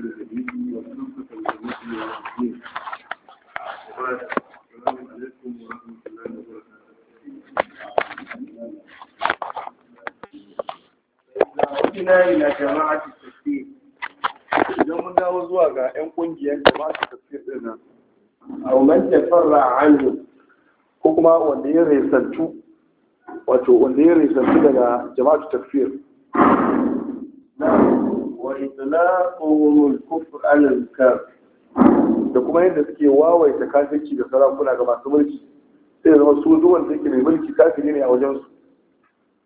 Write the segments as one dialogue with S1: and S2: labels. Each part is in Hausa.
S1: Idan mun dawo zuwa ga 'yan ƙungiyar jama'a da suke tsina, a wumance fara hanyu ko kuma wanda ya resantu, daga jama'a da tafiyar. اطلاقهم الكفر على الكافر da kuma yadda suke wawaita kafirci da sarakuna ga masu mulki sai zama su zuwan da yake mai mulki kafiri ne a wajen su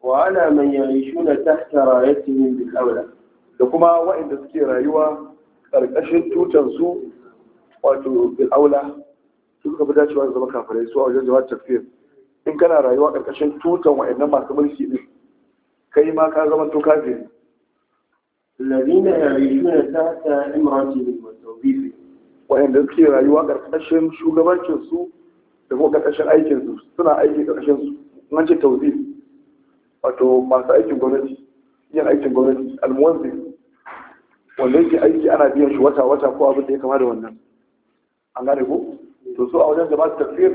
S1: wa ana man ya'ishuna tahta rayatihim bil awla da kuma waɗanda suke rayuwa ƙarƙashin tutansu, su wato bil aula su suka fi dacewa da zama kafirai su a wajen jama'a tafiyar in kana rayuwa ƙarƙashin tutan waɗannan masu mulki din kai ma ka zama to kafiri الذين يعيشون تحت امرته وتوظيفه wa'anda suke rayuwa ƙarƙashin shugabancinsu da kuma ƙarƙashin aikinsu suna aiki ƙarƙashin su nan ce tauzi wato masu aikin gwamnati yin aikin gwamnati almuwanzi wanda yake aiki ana biyan shi wata wata ko abin da ya kama da wannan an gane ko to so a wajen da su tafiyar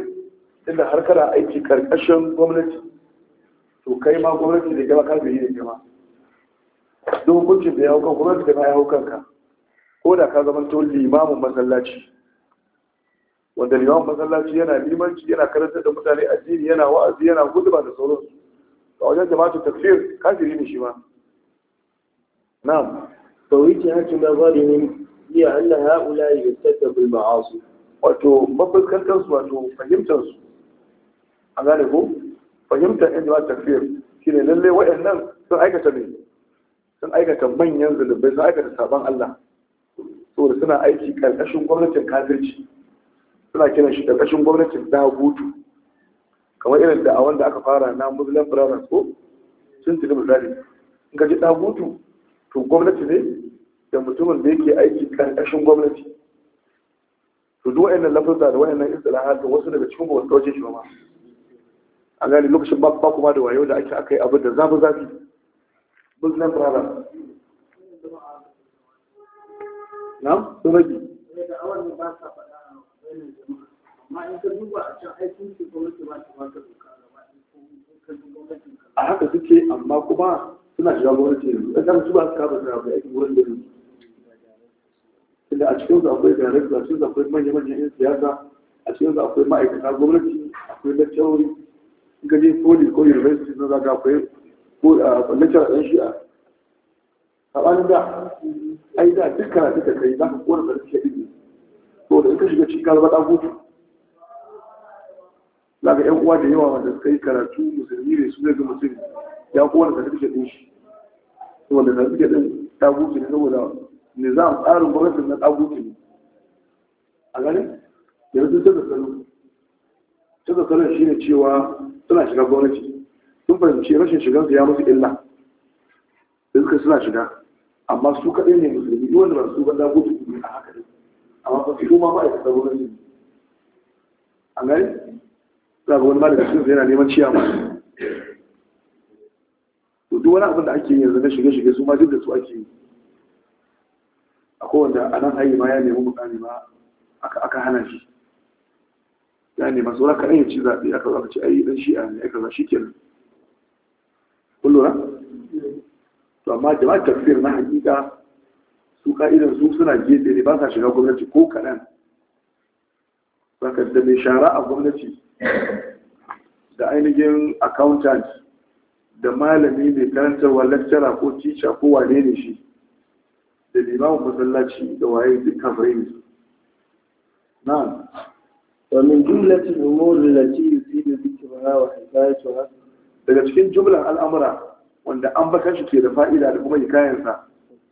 S1: inda har kana aiki ƙarƙashin gwamnati to kai ma gwamnati da gaba ka bai yi da gaba duk hukuncin da ya hau kan kuma da ya hau kanka ko da ka zama tun limamin masallaci wanda limamin masallaci yana limanci yana karantar da mutane addini yana wa'azi yana hudba da sauran. a wajen jama'atu takfir kafiri ne shi ma na'am na zari ne iya anna ha'ula yattata bil ma'asi wato mafuskantar su wato fahimtar su a gane ko fahimtar yan jama'atu shi shine lalle waɗannan sun aikata ne sun aikata manyan zunubai sun aikata sabon Allah saboda suna aiki ƙarƙashin gwamnatin kafirci suna kiran shi ƙarƙashin gwamnatin dagutu kamar irin da a wanda aka fara na muslim brothers ko sun tuni misali in ka ji dagutu to gwamnati ne da mutumin da yake aiki ƙarƙashin gwamnati to duk wa'annan lafazza da wa'annan istilahat wasu daga cikin ba wasu ɗauke shi ba ma a gani lokacin ba kuma da wayo da ake aka yi abin da zafi zafi muslim brothers na su rage a haka suke amma kuma suna shiga gwamnati yanzu ɗan kan su ba su kaba suna da aikin wurin da yanzu inda a cikin su akwai director a cikin su akwai manya-manyan yan siyasa a cikin su akwai ma'aikata gwamnati akwai lecturori in ka poli ko university na zaka akwai ko a lecture ɗan shi'a a ɓanin da ai da duk karatu da kai za ka kora da rikishe ɗin to da in ka shiga cikin kalmar ɗan hutu za ka ‘yan uwa da yawa wanda suka yi karatu musulmi ne su zai mutum ya kora da rikishe ɗin shi wanda da rikishe ɗin ɗan hutu ne saboda nizam tsarin gwamnatin na ɗan hutu ne a ganin yanzu sai da tsaro ta da tsaron shi ne cewa suna shiga gwamnati sun fahimci rashin shigan su ya musu illa da suka suna shiga amma su kaɗai ne musulmi duk wanda ba su ba dago su ne a haka ne amma ba su ma ma'aikata wurin ne an gani za ga wani malamin cikin yana neman ma to duk wani abin da ake yanzu na shige-shige su ma duk da su ake yi akwai wanda a nan hayi ma ya nemi mukami ma aka hana shi ya nema saura kaɗan ya ci zaɓe aka zo aka ce ɗan shi shi'a ne aka zo shi kenan kullura to amma jama'a tafsir na hakika su ka'idan su suna gefe ne ba sa shiga gwamnati ko kaɗan saka da mai shara a gwamnati da ainihin accountant da malami mai karantarwa lecturer ko teacher ko wane ne shi da limamin masallaci da waye duk kafirai ne na'am ومن جملة الأمور التي يفيد ذكرها وحكايتها daga cikin jumlan al'amura wanda an baka shi ke da fa'ida da kuma hikayensa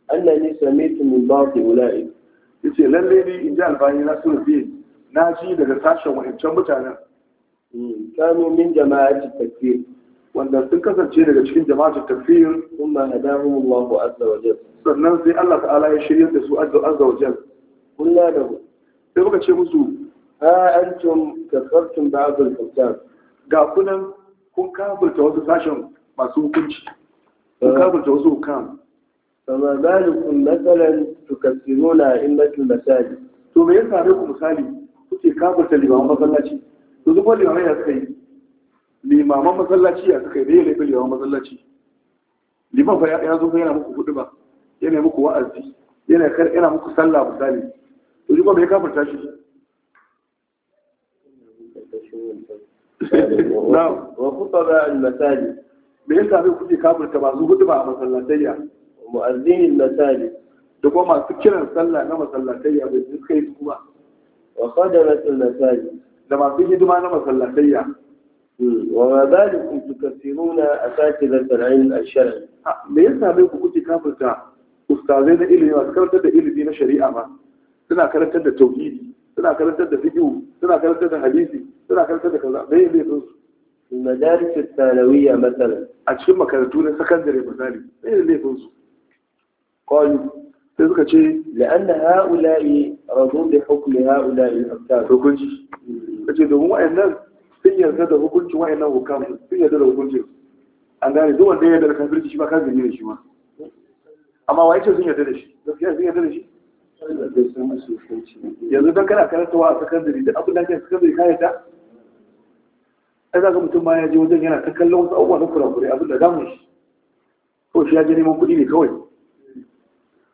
S1: Allah ne same ta min ba ku wula'i yace lalle ni in ji albani na sura biyu na ji daga sashen wa'ancan mutanen hmm, kanu min jama'ati takfir wanda sun kasance daga cikin jama'atul takfir kuma hadahum Allahu azza wa jalla sannan sai Allah ta'ala ya shirya da su azza wa jalla kullu da sai muka ce musu ha antum kafartum ba'd al ga kunan kun kafirta wasu sashen masu hukunci kun eh. kafirta wasu hukam kama kun matsalan tukassiro na imbatin misali to me yasa ne ku misali kuke kafirta limaman masallaci to zuwa limaman ya suka yi limaman masallaci ya suka yi ne laifin limaman masallaci liman fa ya zo yana muku hudu ba yana muku wa'azi yana muku sallah misali to zuwa me ya kafirta shi na'am wa khutaba al masajid me yasa bai kuke kafirta masu hudu a masallatayya mu'azzinin masajid masu kiran sallah na masallatayya bai وما بالكم أساتذة العلم الشرعي me ku ustazai na ilimi masu da ilimi na shari'a ba? suna karantar da tauhidi suna karantar da fiqh suna karantar da hadisi suna karantar da kaza bai bai sun su madaris al-thalawiyya a cikin makarantu na sakandare misali bai bai sun su qalu sai suka ce la'anna ha'ula'i radu bi hukmi ha'ula'i al-aftar hukunci kace domin wayannan sun yarda da hukuncin wayannan hukam sun yarda da hukuncin an gane duk wanda ya yarda da kafirci shi ba kafirci ne shi ma amma wai ce sun yarda da shi gaskiya sun yarda da shi yanzu don kana karantawa a sakandare da abin da ake sakandare ka yadda ai za ka mutum ma ya je wajen yana ta kallon wasu abubuwa na kurakure abin da damun shi ko shi ya je neman kuɗi ne kawai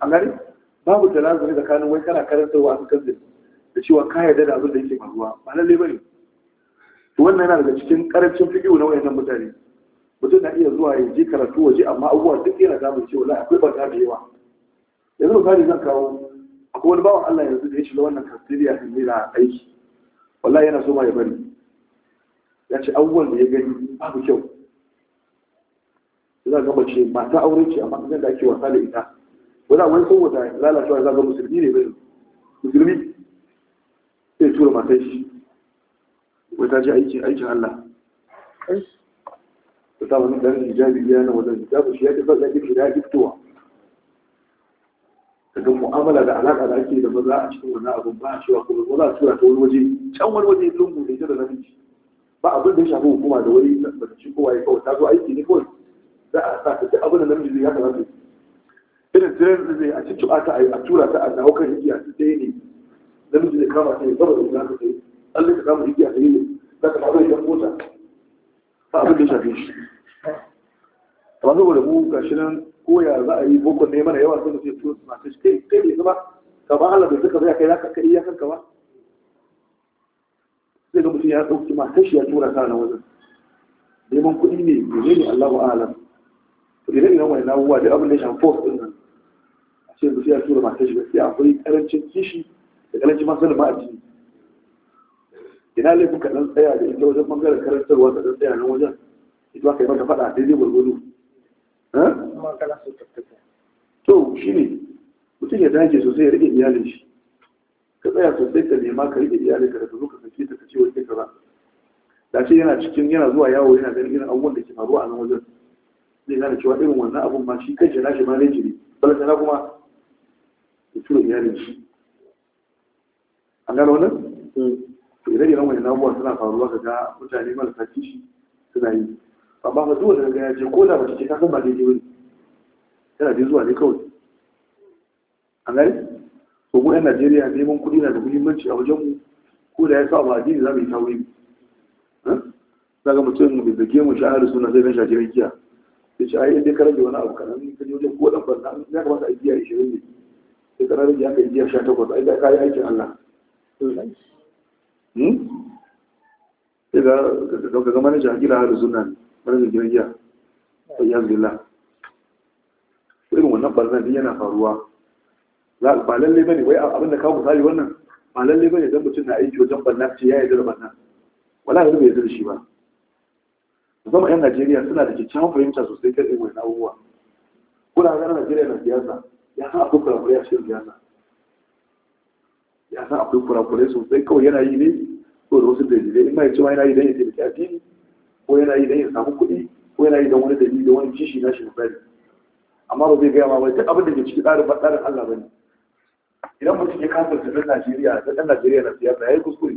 S1: an gani babu da lazari tsakanin wai kana wa a sakandare da cewa ka da abin da yake faruwa ba lallai ne. to wannan yana daga cikin karancin fiƙiyu na wayannan mutane mutum na iya zuwa ya je karatu waje amma abubuwa duk yana damun cewa akwai ta da yawa yanzu misali zan kawo akwai wani bawan Allah yanzu da ya shiga wannan kafiriya kan na aiki wallahi yana so ma ya bari ya ce abubuwan da ya gani babu kyau za ga mace mata aure ce amma kan da ake wasa da ita wani wani saboda lalacewa za ga musulmi ne bai musulmi sai tura matan shi wai ta ji aiki aikin Allah ta samu ɗan hijabi ya na wajen hijabi shi ya ce zai ya fitowa daga mu'amala da alaƙa da ake da maza a cikin wannan abin ba a cewa ko ko za a tura ta wani waje can wani waje lungu da ita da namiji ba abin da ya shafi hukuma da wani tabbaci kowa ya kawai ta zo aiki ne kawai za a sa ta abin da namiji zai haka za ta yi irin tirar da zai a cikin ta a tura ta a dawo kan rigiya ta ɗaya ne namiji zai kama ta yi gaba da wani haka ta yi Allah ka kama rigiya ta yi ne za ka faɗo idan mota ba abin da ya shafi shi. Amma saboda mu gashi nan Koya za a yi boko ne mana yawa sai mu ce masu suna kashi kai ne ba ka ba Allah bai saka zai kai zaka kai iyakar ka ba sai ga mutum ya dauki ma kashi ya tura ka na wajen neman kuɗi ne ne ne Allahu a'lam to idan idan wani nawuwa da abin da ya force din nan a ce mutum ya tura ma kashi gaskiya akwai karancin kishi da karancin masanin ma a ina laifin ka dan tsaya da ita wajen bangaren karantarwa ka dan tsaya nan wajen ita ka yi mata faɗa daidai gwargwado to shi ne mutum ya dage sosai ya rike iyalin shi ka tsaya sosai ka nema ka rike iyalin ka da zo ka sake ta kace ce wani ka ba da ce yana cikin yana zuwa yawo yana ganin irin abubuwan da ke faruwa a nan wajen zai gane cewa irin wannan abun ma shi kan shi nashi ma laifi ne na kuma ya tura iyalin shi an gano wannan hmm. to ire-iren wani abubuwa suna faruwa ka ga mutane marasa kishi suna yi amma ba zuwa daga ya ce ko da mace ce kasan ba daidai wani yana da zuwa ne kawai a gani to mu yan najeriya neman kuɗi na da muhimmanci a wajenmu ko da ya sa ba addini za mu yi tawuri za ga mutum da mu shi ahari suna zai gan shagirar giya sai ce ai inda ka rage wani abu kanan ka je wajen ko dan barna ya kamata a yi a ishirin ne sai ka da aka yi giya sha takwas a da ka yi aikin allah hmm? sai ga ga manajan gida ahari na ne barzan gidan giya sai ya zila irin wannan barzan din yana faruwa ba lalle ne, wai abin da kawo misali wannan ba lalle ne, dan mutum na aiki wajen banna ce ya yi da banna wala yanzu bai yarda shi ba musamman yan Najeriya suna da kyakkyawan fahimta sosai kan irin wannan abubuwa kuna na Najeriya na siyasa ya san akwai kurakurai a cikin siyasa ya san akwai kurakurai sosai kawai yana yi ne ko da wasu dalilai in ma ya ce ma yana yi don ya taimaki addini ko yana yi don ya samu kuɗi ko yana yi don wani dalili da wani kishi na shi fari amma ba zai gaya ma duk abin da ke ciki tsarin ba tsarin Allah bane idan mutum ya kasa da ɗan Najeriya da ɗan Najeriya na siyasa ya yi kuskure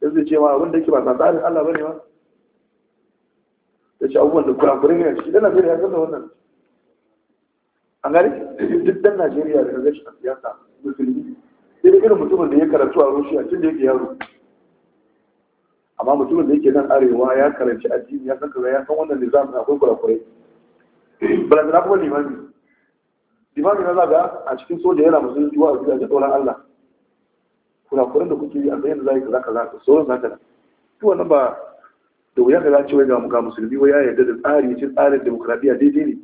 S1: yanzu zai ce ma abin da ke ba tsarin Allah bane ba da ce abubuwan da kurakurai ne a ciki ɗan Najeriya ya wannan an gani duk ɗan Najeriya da na gashi na siyasa musulmi sai da irin mutumin da ya karatu a Russia tun da yake yaro amma mutumin da yake nan arewa ya karanci addini ya san kaza ya san wannan nizam na akwai kurakurai balantana kuma limami limami na zaga a cikin soja yana musulun juwa a zuwa da tsoron allah kurakuran da kuke yi a bayan da za yi kaza kaza da za zaka na to wannan ba da wuya kaza ce wai ga muka musulmi wai ya yarda da tsari ce tsarin demokuraɗiyya daidai ne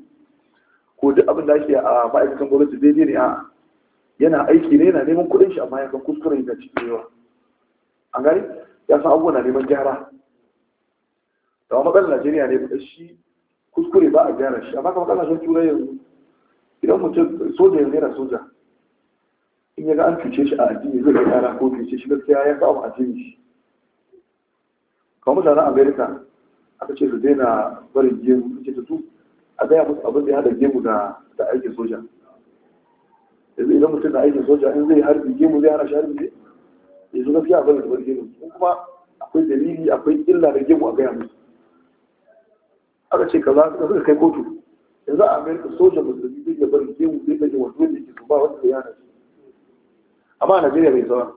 S1: ko duk abin da ake a ma'aikatan gwamnati daidai ne a yana aiki ne yana neman kuɗin shi amma ya kan kuskure da cikin yawa an gani ya san abubuwa na neman gyara da wa matsalar najeriya ne ba shi kuskure ba a gyara shi amma kamar kasashen turai yanzu idan mutum soja yanzu yana soja in ya ga an cuce shi a addini zai ga gyara ko cuce shi gaskiya ya samu addini shi kamar mutanen Amerika, aka ce su daina barin gemu ce su a gaya musu abin da ya haɗa gemu da aikin soja yanzu idan mutum na aikin soja in zai harbi gemu zai hana shi harbi ne ya zo gaskiya abin da bar gemu kuma akwai dalili akwai illa da gemu a gaya musu aka ce kaza ka suka kai kotu yanzu a amerika soja musulmi zai iya gemu zai gaji wasu wanda ke ba wasu da yana amma a najeriya bai zama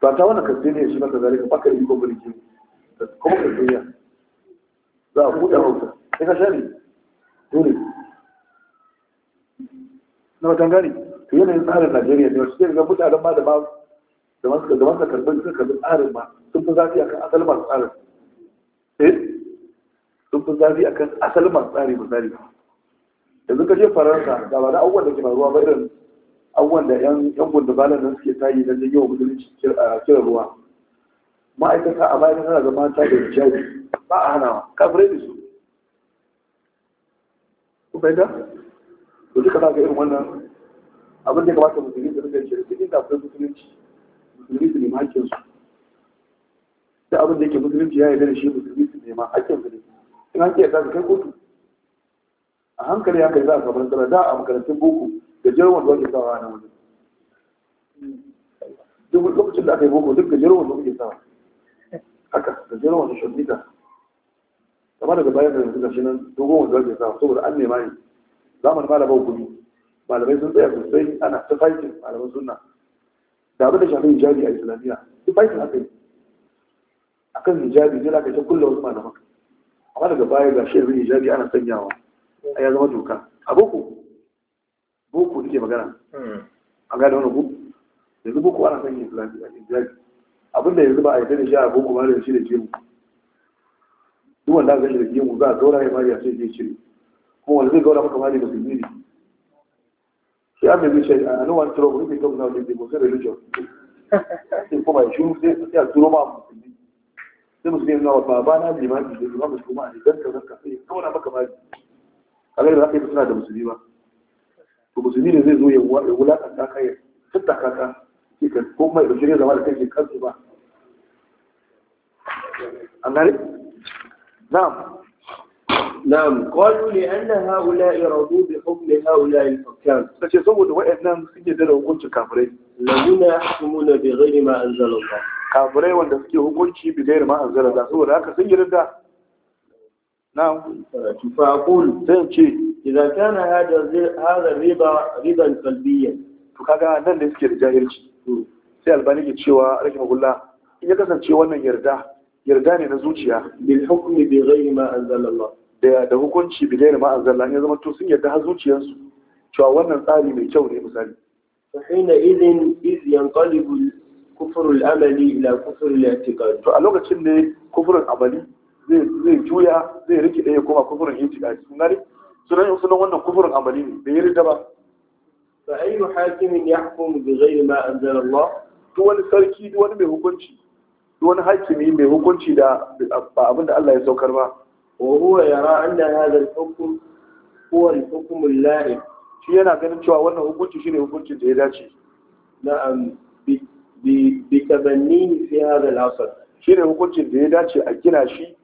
S1: ba ta wani kasance ne shi maka zalika baka yi ko gemu da kuma kasance za a buɗe hausa sai ka shari dole na watan gani to yanayin tsarin najeriya ne wasu ga mutanen ma da ma da masu da masu karɓar suka karɓi tsarin ma sun fi zafi akan asalin masu tsarin eh sun fi zafi akan asalin masu tsari misali yanzu ka je faransa da ba da abubuwan da ke faruwa ba irin abubuwan da yan yan gundubalan nan suke tayi don janyo wa musulunci kira ruwa ma'aikata a bayan tana zama ta da hijabi ba a hanawa kafirai da su Kun fahimta to duka za irin wannan abin da kamata musulmi su rika shi cikin da akwai musulunci musulmi su nema hakkin su da abin da yake musulunci ya yarda da shi musulmi su nema hakkin su ne in an kiyata su kai kotu a hankali haka za a samu nasara da a makarantun boko da jirgin wanda sawa na wani duk lokacin da aka yi boko duk da jirgin wanda sawa haka da jirgin wanda shan mita kama daga bayan da yanzu shi nan dogon wanda ake sawa saboda an nema ne zamanin ma da bau kudi malamai sun tsaya sosai ana ta fighting malamai sunna da abin da shafi hijabi a islamiyya ta fighting aka yi kan hijabi zai aka ta kulla wasu malama amma daga baya ga shi yanzu hijabi ana sanyawa a ya zama doka a boko boko nake magana hmm. a gane wani boko yanzu boko ana sanya islamiyya hijabi abinda yanzu ba a yi da shi a boko ba da shi da jemu duk wanda ga shi da mu za a daura ya mari a sai ya cire kuma wanda zai gaura maka mari ba su yi sai an bai shi a ko wani turo wani bai kawo na wani bai musa religion sai kuma ya shuru sai a turo ma musulmi sai musulmi na wata ba na limani da zuwa musu kuma a ne zanka zanka sai ya kawo maka mali a ga yadda aka yi suna da musulmi ba to musulmi ne zai zo ya wulaƙanta ka ya tattaka ka ko kuma ya ɗauki ne zama da kai ke kansu ba an na'am نعم قالوا لأن هؤلاء رضوا بحكم هؤلاء الحكام فشي سمو دواء إذنان سنجي دينا وكنت كافرين الذين يحكمون بغير ما أنزل الله كافرين وانت سيدي وكنت بغير ما أنزل الله سورة هكا سيدي ردا نعم فأقول سيدي إذا كان هذا هذا الربا ربا قلبيا فكاكا نعم نسكي رجاهل سي الباني تشيوا أقول الله إذا كان تشيوا نان يردا يردا ne na zuciya bil hukmi bi da hukunci bile ne ma'an zalla zama to sun yadda har zuciyarsu cewa wannan tsari mai kyau ne misali fa hina idin iz yanqalibu kufru al-amali ila kufru al-i'tiqad to a lokacin ne kufurin amali zai zai juya zai rike da kuma koma kufrun i'tiqad sun gani sunan sunan wannan kufurin amali ne bai yarda ba fa ayu hakimin yahkumu bi ghairi ma anzala Allah duk wani sarki duk wani mai hukunci duk wani hakimi mai hukunci da ba abin da Allah ya saukar ba وهو يرى أن هذا الحكم هو الحكم اللائم shi yana ganin cewa wannan hukunci shine hukuncin da ya dace na'am bi bi tabanni fi hada al-asr shine hukuncin da ya dace a gina shi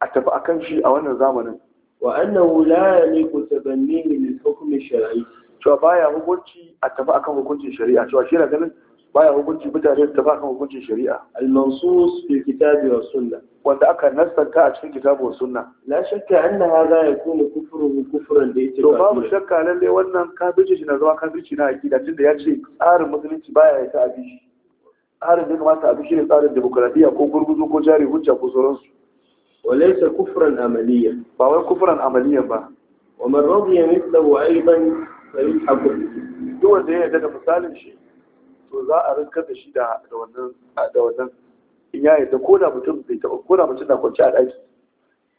S1: a tafi akan shi a wannan zamanin wa annahu la yaliqu tabanni lil hukm ash-shar'i cewa baya hukunci a tafi akan hukuncin shari'a cewa shi yana ganin baya hukunci mutane da ba kan hukuncin shari'a al-mansus fi kitabi wa sunna wanda aka nassanta a cikin kitabu wa sunna la shakka anna hadha yakunu kufrun kufran da yake to babu shakka lalle wannan kafirci shi na zama kafirci na akida tunda ya ce tsarin musulunci baya ya ta abi tsarin da kamata abi ne tsarin demokradiya ko gurguzu ko jari hujja ko sauransu walaysa kufran amaliya ba wai kufran amaliya ba wa man radiya mithlahu aidan fa yuhaqqu duk wanda ya yarda da misalin shi to za a rinkar da shi da wannan da wannan in ya yadda ko da mutum bai taɓa ko da mutum na kwanci a ɗaki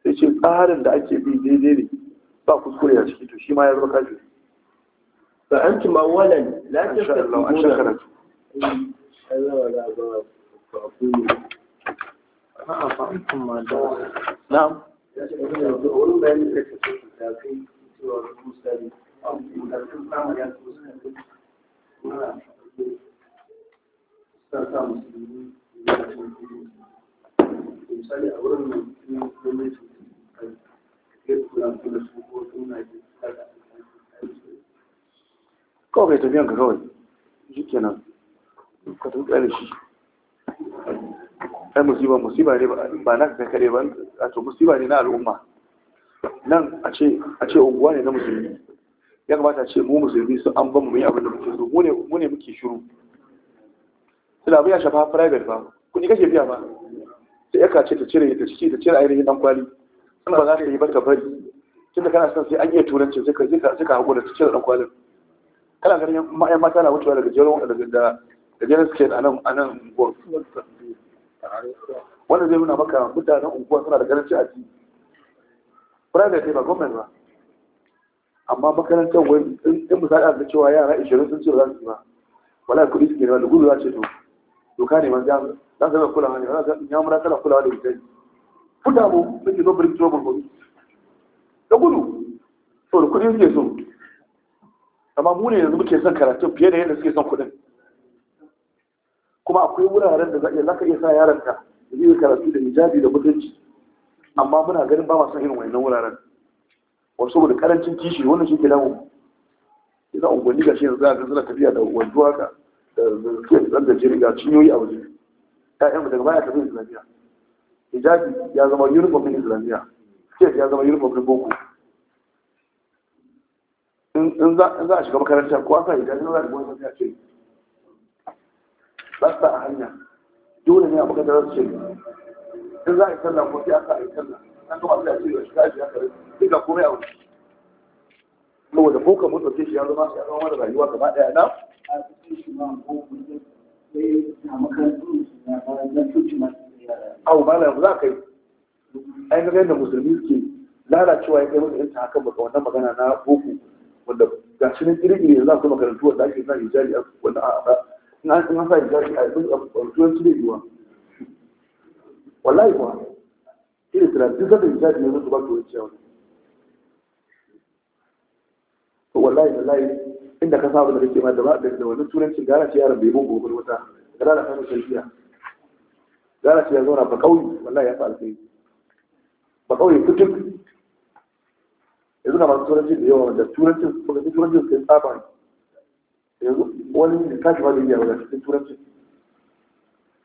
S1: sai ce tsarin da ake bi daidai ne ba kuskure a ciki to shi ma ya zama kaji fa an ci la tafkiruna an shakaratu Thank you. sa sa musulmi lokacin kudu misali kawai tafiyan ka kawai shi kenan ka tafi kare shi ai musiba musiba ne ba na ka kare ba a to musiba ne na al'umma nan a ce unguwa ne na musulmi ya kamata a ce mu musulmi sun an ba mu yi abin da muke mu ne muke shiru tunda abin ya shafa private ba kuɗi kake biya ba sai ya kace ta cire ta ciki ta cire ainihin dan kwali in ba za ta yi barka bari tunda kana son sai an iya turanci sai ka sai ka hakura ta cire dan kwalin kana ganin ma'ayan mata na wucewa daga jerin daga da gajeren suke a nan a nan unguwar wanda zai nuna maka mutanen unguwa suna da garanci a ciki private ne ba gwamnati ba amma makarantar wani in misali a cewa yara 20 sun ce ba za su yi ba wala kuɗi suke da gudu za ce to doka ne wanda za su kulawa ne wanda ya mura kala kulawa da mutane. fuda mu suke zo birki zo burkudu da gudu so da kudin suke so amma mu ne yanzu muke son karatun fiye da yadda suke son kudin kuma akwai wuraren da za ka iya sa yaranka da zai karatu da hijabi da mutunci amma muna ganin ba ma son irin wannan wuraren wasu saboda karancin kishi wannan shi ke damu Ina unguwanni ga shi yanzu za a ga suna tafiya da wanzuwa ka suke tsallance riga cinyoyi a waje ƴaƴanmu daga baya tafi islamiyya hijabi ya zama uniform din islamiyya sket ya zama uniform din boko in za a shiga makaranta ko aka hijabi za a shiga makaranta ce za a hanya dole ne a makarantar ce in za a yi sallah ko sai a yi sallah an gama sai a ce ya shiga shi haka duka komai a waje saboda boko mun ɗauke shi ya zama ya zama mana rayuwa gaba ɗaya na abu ba na za ka yi ai yadda musulmi suke lalacewa ya kai masa yanta hakan baka wannan magana na boko wanda ga shi nan irin yanzu akwai makarantu wanda ake sa hijabi a wanda a ba in an sa hijabi a yanzu a turanci da yiwa wallahi kuwa irin turanci duk da hijabi yanzu su ba turanci a wani wallahi wallahi inda ka saba da kake ma da ba da wani turancin gara ce yaron bai bugu gobe wata gara da kan tarbiyya gara ce ya zauna ba kauye wallahi ya fa alkai ba kauye kutuk yanzu na masu turanci da yawa wanda turancin ba ga turancin sai tsaba yanzu wani da tashi ma da yawa da cikin turancin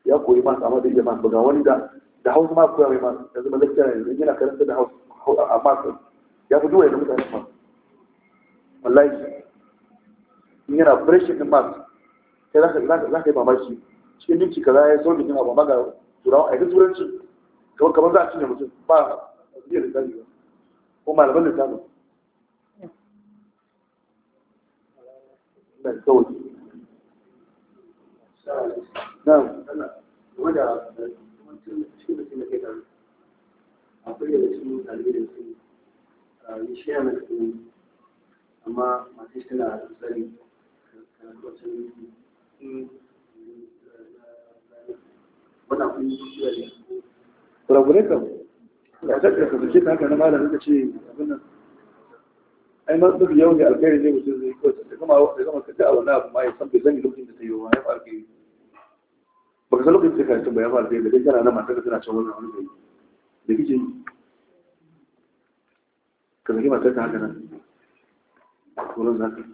S1: ya koyi ma amma da iya ma ba ga wani da da hausa ma koya ma yanzu ma lakciya yanzu yana karanta da hausa amma ya fi duwa yanzu mutane ma wallahi yana freshin din max sai za ka yi mamaki cikin minti kaza ya sau da jima ba ga turawa a yi turanci kamar kamar za a cinye mutum ba a da lissafi ba ko malaman lissafi da kawai na akwai da su yi shi amma masu shi tana tsari kuragure kam da ta ka ta haka na ce ai ma yau ne alkhairi mutum zai abu ma ya san bai lokacin da ta yi wa ya fara kai ba ka san lokacin da ka tun ya fara kai da kana na ka tana wani da kike ka zaki haka nan wurin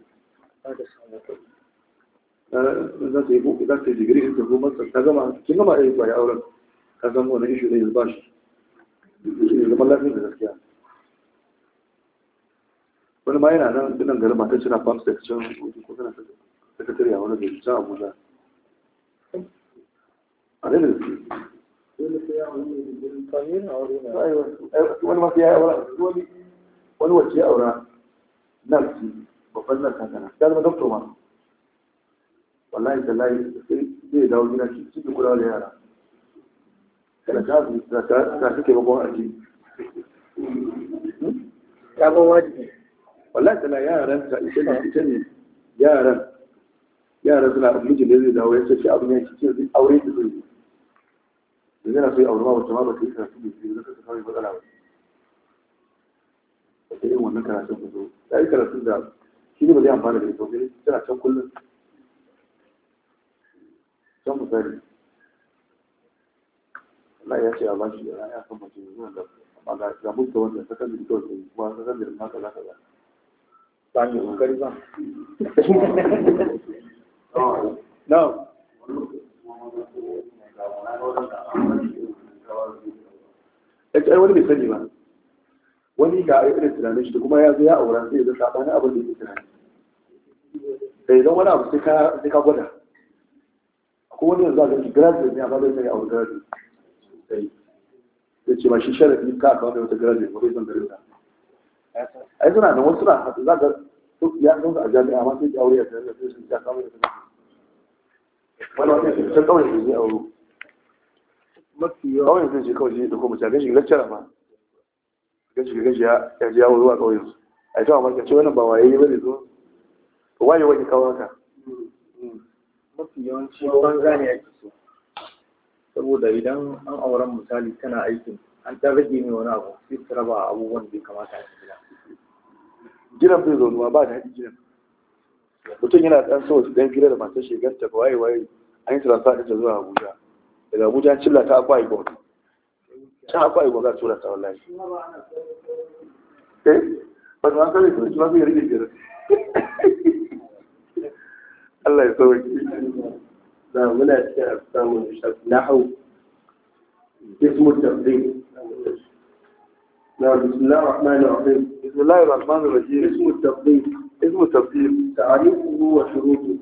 S1: Eh, za ta yi boko za ta yi digiri in ta zo masa ta gama kin gama da yawa ya auren ka san wani ishu ne ba shi ne zama lafiyar da gaskiya wani ma yana nan dinan garin mata cina farm section ko tana sakatare a wani da can abuja a ne da gaske wani masu yaya wani wacce ya aura nan babban nan kankana ya zama doktor ma wallahi da layi sai zai dawo gida shi cikin kulawa da yara kada ta su ke bakon aji hmm? ya ban wajibi wallahi da layi yaran ta ita ne ita ne yaran yaran suna mijin da zai dawo ya ce abu ne shi ce aure da zai da yana so ya aure ma wacce ma ba ta yi karatu da zai zaka kawai matsala ba da irin wannan karatun ku zo Ta yi karatun da shi ne ba zai amfana da ita ba sai tana can kullum don mu sani Allah ya ce a bashi da ya kan mace zuwa da amma ga ga mun da wannan sakan da kawai sai kuma sakan da ma kaza kaza ba ni kokari ba no ai wani bai sani ba wani ga irin tunanin shi kuma ya zo ya aura sai ya ga sabanin abin da yake tunani da idan wani abu sai ka gwada ko wani yanzu ga shi graduate ne amma bai sanya abu graduate sai ya ce ba shi sharafi ka aka wani wata graduate ba bai san garin ta yi suna da wasu na za ga ya san a jami'a amma sai aure ya tare da sai ya samu da wani wata ya san kawai ne zai aure yawa kawai zai je kawai ya dauko mace gashi lecturer ma gashi gashi ya ji yawo zuwa kawai ai ta amma kace wannan ba waye bane zo waye waye kawo haka hmm. mafi yawanci banza ne ake so saboda idan an auren misali tana aikin an ta rage ne wani abu sai ta raba abubuwan da ya kamata a gida gidan bai zaunuwa ba da haɗi gidan mutum yana ɗan so su ɗan fira da matar shekar ta waye waye an yi ta zuwa abuja daga abuja cilla ta Akwai gwa ta Akwai gwa za a tura ta wallahi eh ba ta ma kare su ba su yi rage Allah ya sauki da muna cikin samun nahu ismu tafdil na bismillahir rahmanir rahim bismillahir rahmanir rahim ismu tafdil ismu tafdil ta'rifuhu wa shurutuhu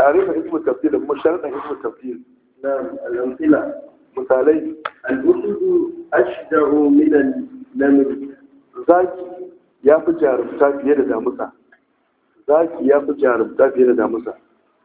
S1: تعريف اسم التفضيل مشارطة اسم التفضيل نعم الأمثلة مثالي الأسد أشجع من النمر zaki ya fi jarumta fiye da damusa zaki ya fi jarumta fiye da damusa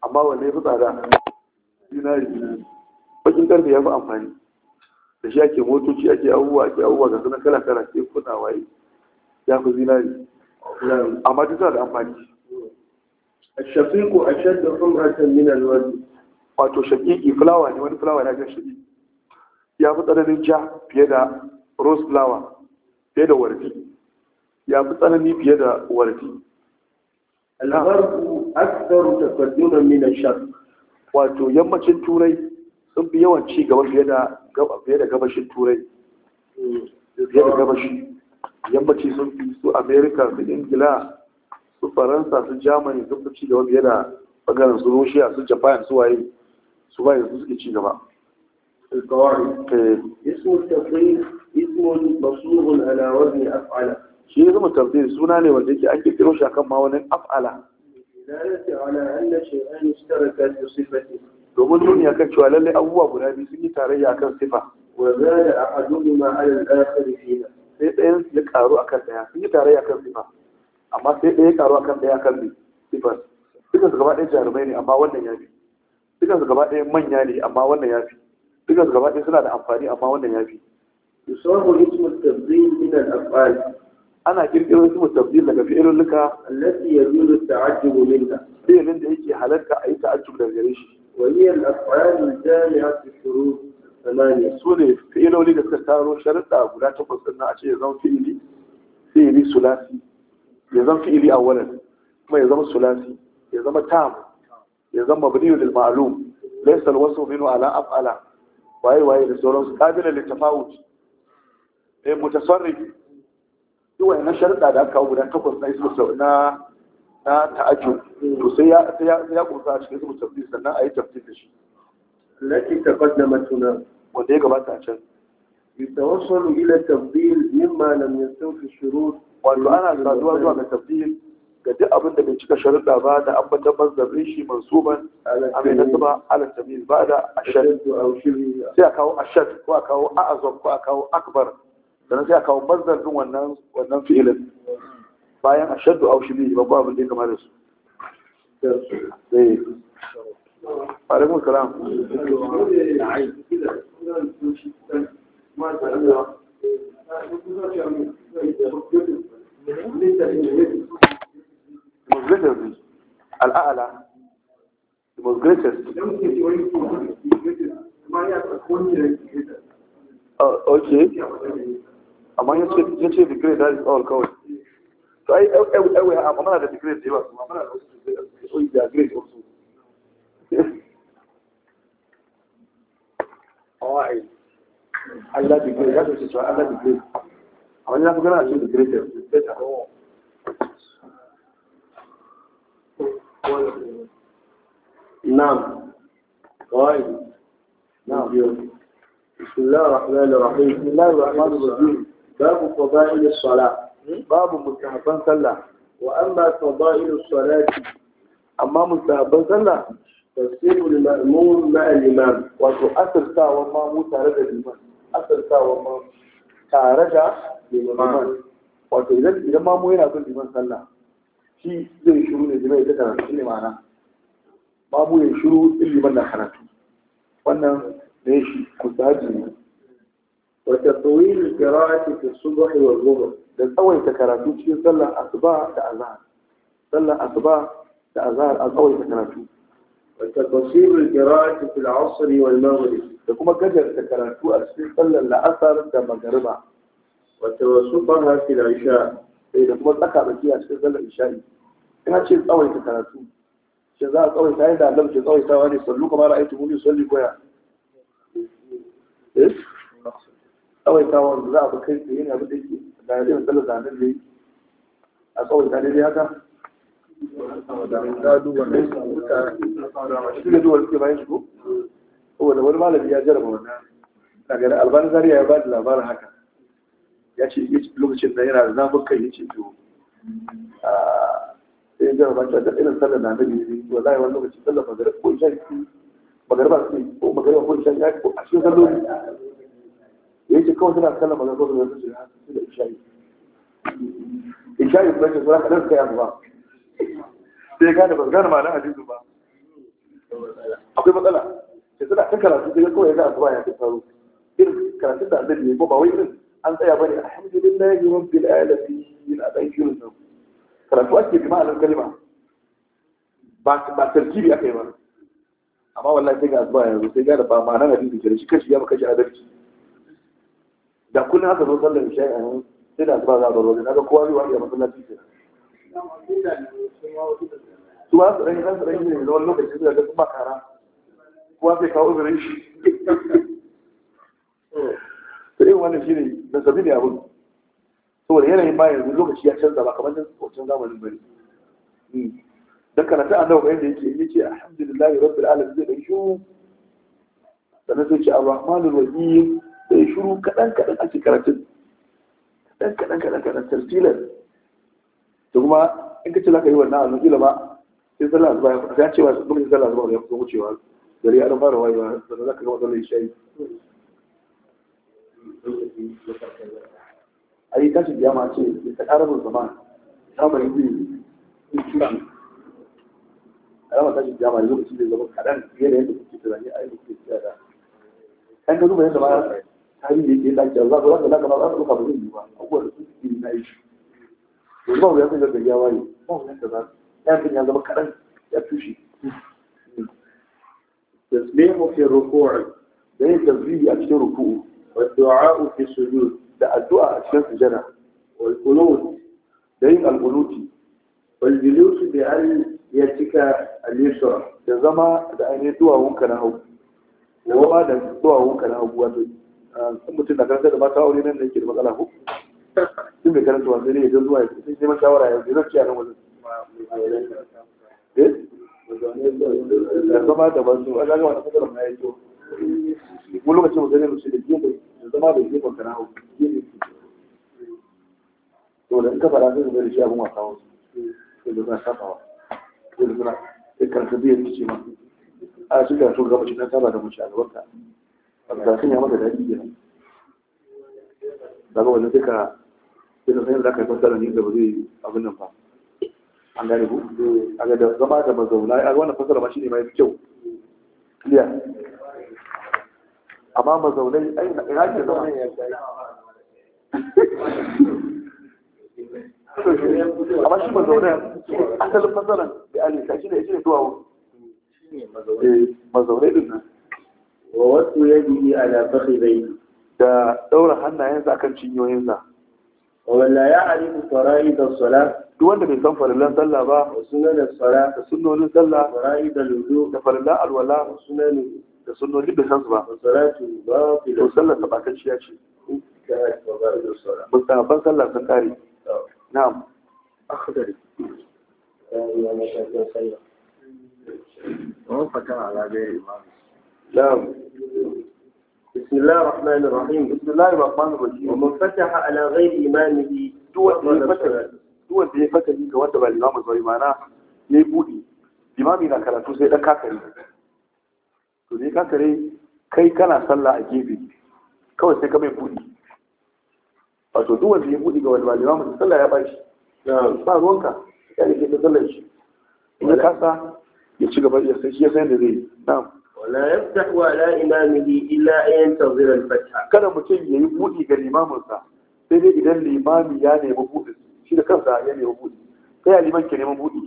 S1: amma wanne ya fi tsada zinari bakin karfe ya fi amfani da shi ake motoci ake abubuwa ake abubuwa ga sunan kala kala ke kuna waye ya fi zinari amma duk da amfani الشقيق أشد حمرة من الورد wato shaƙiƙi fulawa ne wani fulawa na gan ya fi tsananin ja fiye da rose flower fiye da wardi ya fi tsanani fiye da wardi algharbu aktharu takaddunan min ash-sharq wato yammacin turai sun fi yawan ci gaba fiye da gabashin turai fiye da gabashi yammaci sun fi su america su ingila su faransa su germany sun fi ci gaba fiye da bangaren su russia su japan su waye su waye su suke ci gaba القواعد اسم التقريب اسم مصروف على وزن أفعل shi ya zama tafsir suna ne wanda yake an kirkiro shi akan ma wani af'ala domin duniya kan cewa lallai abubuwa guda biyu sun yi tarayya akan sifa sai ɗayan ya karu akan ɗaya sun yi tarayya akan sifa amma sai ɗaya ya karu akan ɗaya kan bi sifar dukansu gaba ɗaya jarumai ne amma wannan ya fi dukansu gaba ɗaya manya ne amma wannan ya fi dukansu gaba ɗaya suna da amfani amma wannan ya fi yusabu ismul tabdil min al-af'al ana kirkiro ismu tabdil daga fi'ilulluka allati yajuzu at-ta'ajjub minha fi'ilin da yake halarta a yi ta'ajjub daga gare shi wa hiya al-af'al al-jami'a fi shurut thamaniya sune fi'iloli da suka taro sharuɗa guda takwas din a ce ya zama fi'ili fi'ili sulasi ya zama fi'ili awwalan kuma ya zama sulasi ya zama tam ya zama mabni lil ma'lum laysa al-wasfu minhu ala af'ala waye waye da sauransu qabilan lit-tafawut eh mutasarrif duk na sharɗa da aka kawo guda takwas na isu na na ta'ajo to sai ya sai kusa a cikin ismu tafsir sannan a yi tafsir da shi lati taqaddama tuna wanda ya gabata a can يتوصل إلى التفضيل مما لم يستوفي الشروط وأنا أتوقع أن التفضيل قد أبن من تلك الشرط بعد أن تمز الريشي منصوبا أم ينتبع على التمييز بعد الشد أو شبه سيأكاو الشد وأكاو أعظم وأكاو Akbar. sannan sai a kawo mazdar din wannan wannan fi'ilin bayan a a wushe biyu babu abin da ya kama da su eh alaikum salam Musgratest, uh, okay. amma ya ce degree da is all kawai I, ai ai amma mana a degree da yawa amma mana da wasu great. da degree wasu awai Allah degree ya ce to Allah degree amma ya fi gana shi degree da da نعم طيب نعم بسم الله الرحمن الرحيم بسم الله الرحمن الرحيم babu fadailu sala babu mustahabban sallah wa amma fadailu salati amma mustahabban sallah tafsiru lil ma'mum ma'a al-imam wato asirtawa mamu tare da liman asirtawa mamu tare da liman wato idan mamu yana son liman sallah shi zai shiru ne liman ya karatu shi ne ma'ana ya shiru liman na karatu wannan ne shi kusaji ne وتطويل القراءة في الصبح والظهر da tsawaita karatu cikin sallar asuba da azhar sallar asuba da azhar a karatu وتقصير القراءة في العصر والمغرب da kuma gajarta karatu a cikin sallar la'asar da magariba وتوسطها في العشاء sai da kuma tsaka baki a cikin sallar isha'i ina ce tsawaita karatu shi za a tsawaita yadda annabi ke tsawaitawa ne sallu kamar koya tsawaita wanda za a fi kai tsaye ne abin da ke da ya zai tsala zanen da yi a tsawaita daidai haka shi ne duwar suke bayan shigo saboda wani malami ya jarraba wannan daga albanin zariya ya ba da labarin haka ya ce lokacin da yana da zafin kai ya ce to sai jama ba ta irin sallar na nabi ne a yi wani lokacin sallar magarib ko isha ko magarib ko ya ko a cikin salloli ya ce kawai suna kallon maza kawai da su su da ishayi ishayi kuma ce suna kaɗan kai ba sai gane ba su gane ma'anar hadisu ba akwai matsala Ya suna kan karatu sai kawai ya ga asuba ya fi taro irin karatun da annabi ya ko ba wai irin an tsaya ba bane alhamdulillahi rabbil alamin a dan kirin nan karatu ake bi ma'anar kalma ba ba tarkibi akai ba amma wallahi sai ga asuba ya zo sai gane ba ma'anar hadisi kenan shi kashi ya maka shi adalci da kullum aka zo sallar isha'i a nan sai da asuba za a baro kaga kowa zai wani a masallaci ke su ba su rage su rage ne da wani lokaci da ga kuma kara kowa sai kawo uzurin shi to irin wannan shine da sabi ne abin saboda yanayin ma yanzu lokaci ya canza ba kamar wancan zamanin bari hmm. dan karanta annabi bayan yadda yake yace alhamdulillahi rabbil alamin zai dan shu sannan sai ce arrahmanir rahim shiru kaɗan kaɗan ake karatun kaɗan kaɗan kaɗan kaɗan tartilar da kuma in ka ce za ka yi wannan azumi kila ba sai sallah zuwa ya fita cewa lokacin sallah zuwa ya fito wucewa gari an fara wayewa sannan za ka gama sallar shayi a yi tashin kiyama ce ya ta ƙara mun zama ta bari zai yi curan alama tashin kiyama da lokaci zai zama kaɗan fiye da yadda kuke tunani a yadda kuke tsaya da ɗan ka zuba yadda ba abin da yake laki za ka zaka ba za ka ɗauka ba zai yi ba abubuwan da suke yi na ishi yanzu ba wuyan da ya waye ba wuyan da za ya ya zama kaɗan ya a cikin ruku'u wa du'a fi sujud da addu'a a cikin zama da da sun mutum na karanta da mata aure nan da yake da matsala ko sun bai karanta wanzu ne ya zuwa ya sun neman shawara ya zai eh? zafi a nan da zama da ban a gagawa na kusurin na ya yi ko lokacin mu zai ne mu ce da gefe da zama da gefen ka na hau to da in ka fara sai ka bari shi abin wasa wasu sai da suna shafawa sai da suna sai karanta zai ce ma a shi ga gaba shi saba da mu shi a gaban da sun yamma da daɗi ne daga wannan duka irin sanin da aka yi fassara ne da ba zai abin nan ba an gane ku a ga da zama da mazauna a ga wannan fassara ma shine mai kyau clear amma mazaunai ai na ina ke zama amma shi mazaunai asalin fassaran da alisa shi ne shi ne duwawo eh, mazaunai din nan wa wasu yadihi ala fakhidayhi da daura hannayensa akan cinyoyinsa walla ya arifu fara'id as-salat duk wanda bai san farillan sallah ba da sunanin sala da sunnonin sallah fara'id al-wudu da farillan alwala da sunanin da sunnonin bai san su ba salatu batila to sallar tabbatacciya ce mustahabban sallah sun kare na'am akhdari ya ne ta sallah wa fata ala gairi imam نعم بسم الله الرحمن الرحيم بسم الله الرحمن الرحيم ومن فتح على غير إيمانه duwan da ya fata ni ga wanda ba limamin zai mana ya yi buɗi limami na karatu sai ɗan kakare to ne kakare kai kana a gefe kawai sai ka mai buɗi wato duwan da ya buɗi ga wanda ba limamin sallah ya ba shi ba ruwanka ya rike ta sallar shi in ya kasa ya ci gaba ya sai shi ya san da zai wala yaftahu ala imamihi illa an yantazira al kada mutum yayi budi ga limamin sai dai idan limami ya nemi budi shi da kansa ya nemi budi sai ya liman ke neman budi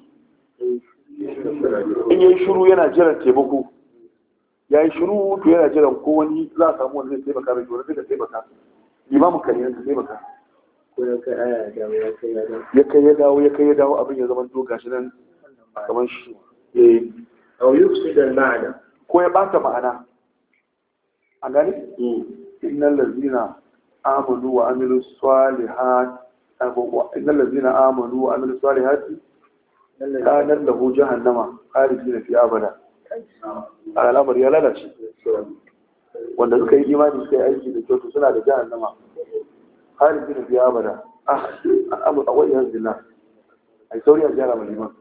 S1: in yayi shiru yana jiran taimako yayi shiru to yana jiran ko za a samu wanda zai taimaka taimaka taimaka ya kai ya dawo ya kai ya dawo abin ya zama doga, shi nan kamar shi eh au yufsida al-ma'na ko ya bata ma'ana a gani mm. innal ladzina amanu wa amilu salihat eh, innal ladzina amanu wa amilu salihat kanar lahu jahannama khalidina fi abada al'amar ya lalace wanda suka yi imani suka yi aiki da kyautu suna da jahannama khalidina fi abada ah, a al'amur a wajen zillah ai sauri a jihar maliman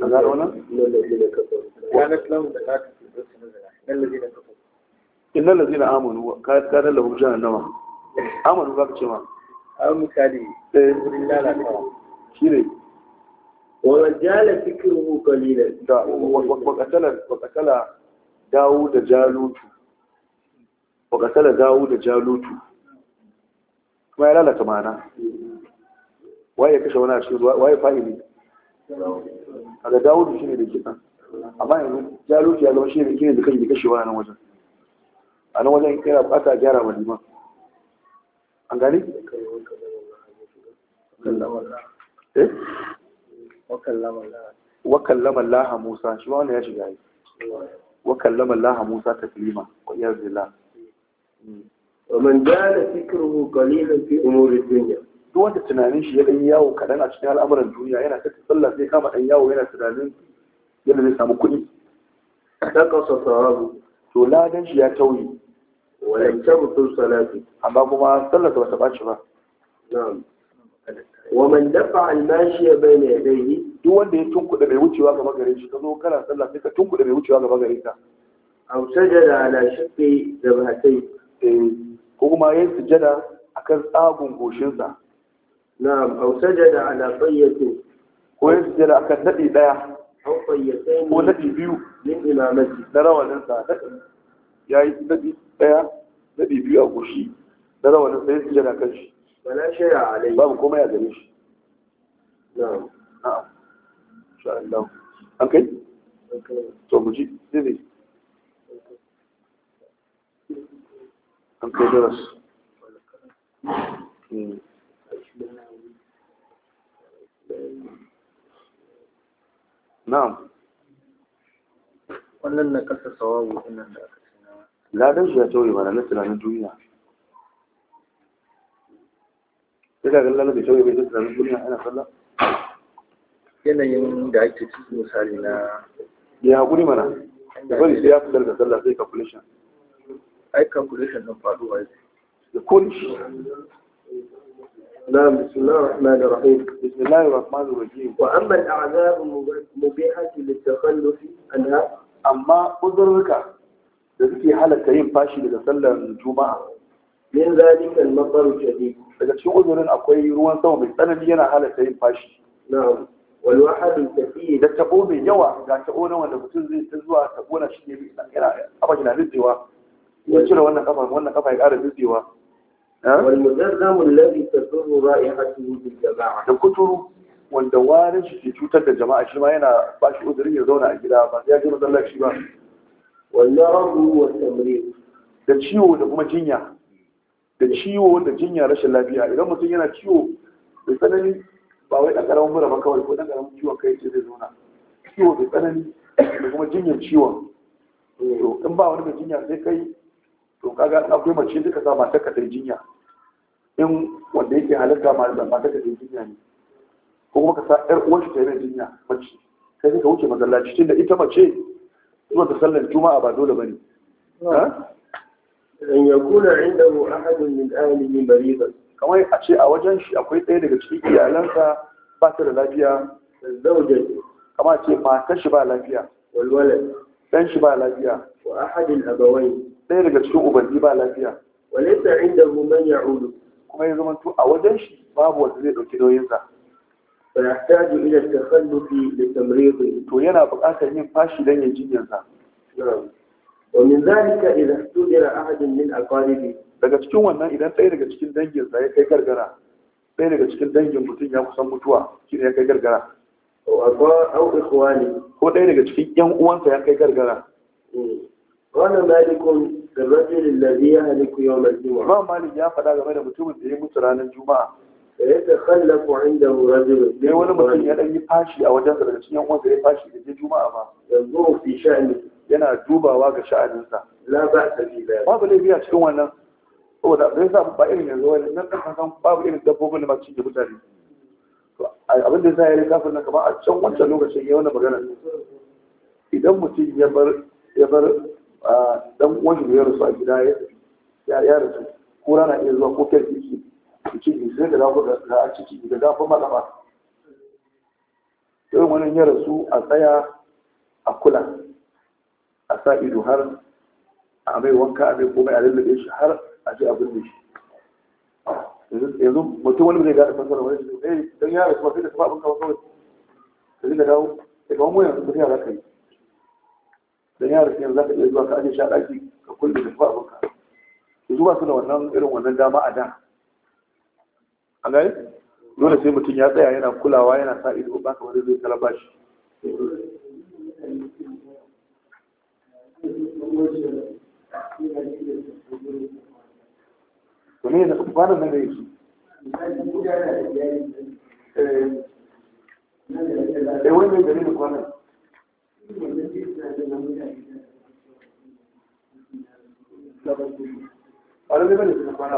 S1: a gano nan kanat lahum illa allazina amanu kana lahum jahannama ba ka ce ma misali lalatawa ورجال فكره قليلا وقتل وقتل داوود جالوت وقتل داوود جالوت ما waye kashe wani a cikin waye a da dawudu shi ne da kitsan amma yanzu jaluki ya zama shi ne gini da kan yi kashewa a nan wajen a nan wajen kira bata gyara wa ma an gani? Eh? wakallama laha musa shi wani ya shiga yi wakallama laha musa taklima wa iya zila ومن جعل فكره قليلا في امور الدنيا duk wanda tunanin shi ya ɗan yawo kaɗan a cikin al'amuran duniya yana ta sallah sai kama ɗan yawo yana tunanin yadda zai samu kuɗi ta kasa sauraro to ladan shi ya tauye walan tabutu salati amma kuma sallar ta bata ɓaci ba wa man dafa bai bayna yadayhi duk wanda ya tunkuɗa mai wucewa gaba gare shi ka zo kana sallah sai ka tunkuɗa mai wucewa gaba gare ka aw sajada ala shaqqi dabhatay eh, ko kuma yin sujada akan tsagun sa نعم أو سجد على طية ويسجد أكد نبي دايا أو طيتين نبي بيو من إمامتي نروى الإنسان يا إيه، نبي دايا نبي بيو أبو شي نروى الإنسان يسجد أكد شي فلا شيء عليه باب كوما يدري شي نعم نعم إن شاء الله أوكي أوكي تو بجي دي أوكي درس Mm-hmm. na'am wannan na kasa sawabu nan da aka ce na ladan shi ya tauye mana na tunanin duniya sai ka ga ladan bai tauye bai tunanin duniya ana sallah yanayin da ake ciki misali na ya haƙuri mana da bari sai ya fitar da sallah sai calculation ai calculation din faɗuwa ya ko نعم بسم الله الرحمن الرحيم بسم الله الرحمن الرحيم وأما الأعذار المبيحة للتخلف عنها أما أذرك تذكي حالة yin fashi daga sallar juma'a min zalika al-matar shadid daga cikin uzurin akwai ruwan sama mai tsanani yana halatta yin fashi na'am wal wahad kafi da tabo mai yawa ga tabo na wanda mutum zai ta zuwa tabo na shi ne yana abaji na kafa wannan kafa ya ƙara nutsewa والمدرم الذي تضر رائحته بالجماعة da kuturu wanda warin shi ke cutar da jama'a shi ma yana ba shi uzuri ya zauna a gida ba ya ji masallaci ba wanda rabu wa tamrin da ciwo da kuma jinya da ciwo da jinya rashin lafiya idan mutum yana ciwo da tsanani ba wai dan karamin mura ba kawai ko dan karamin ciwon kai ce zai zauna ciwo da tsanani da kuma jinyar ciwon in ba wani da jinya sai kai to kaga akwai mace duka sa mata ka jinya in wanda yake halatta mata ka jinya ne ko kuma ka sa ƴar uwarki ta yi jinya mace sai suka wuce masallaci tunda ita mace zuwa ta sallar juma'a ba dole bane in ya kuna inda mu ahadun min ahlihi maridan kamar a ce a wajen shi akwai ɗaya daga cikin iyalansa ba ta da lafiya zaujin kamar a ce matar shi ba lafiya walwala dan shi ba lafiya wa ahadin abawai ɗaya daga cikin ubangi ba lafiya walaisa inda man ulu. kuma ya zama a wajen shi babu wanda zai ɗauki nauyinsa فيحتاج إلى da لتمريضه to yana buƙatar yin fashi don yin jinyarsa ومن ذلك إذا استدر أحد min أقاربه daga cikin wannan idan ɗaya daga cikin danginsa ya kai gargara ɗaya daga cikin dangin mutum ya kusan mutuwa shine ya kai gargara ko ɗaya daga cikin ƴan uwansa ya kai gargara mm. wani malikun da rajulun lazi ya haliku yau mai juma'a ba malik ya faɗa game da mutumin da ya mutu ranar juma'a
S2: da ya ta kallafa inda rajulun ne wani mutum ya
S1: ɗan yi fashi a wajen daga cikin wanda ya fashi da je juma'a ba yanzu fi sha'ani yana dubawa ga sha'aninsa la ba ta bi babu laifi a cikin wannan saboda zai sa ba irin yanzu wani nan ɗan san babu irin dabbobin da ma cikin mutane abin da zai yi kafin nan kamar a can wancan lokacin ya wani magana idan mutum ya bar dan uwan shi ya rasu a gida ya ya rasu ko rana iya zuwa ko kai ciki ciki sai da zaku da a ciki da gafa malama sai wani ya rasu a tsaya a kula a sa ido har a mai wanka a mai komai a lullube shi har a ce abin da shi yanzu mutum wani zai gada fasara wani zai eh, don yara su mafi da su abin kawo kawai ka zika dawo daga wani yanzu mutum yara ka yi don yaro ke za ka iya zuwa ka aje sha ɗaki ka kulle da abin ka yanzu ba su da wannan irin wannan dama a da a gani dole sai mutum ya tsaya yana kulawa yana sa ido ba kamar zai talaba shi to ne da kwanan nan da yake eh, eh wani ne ni da kwanan ba da bane suna a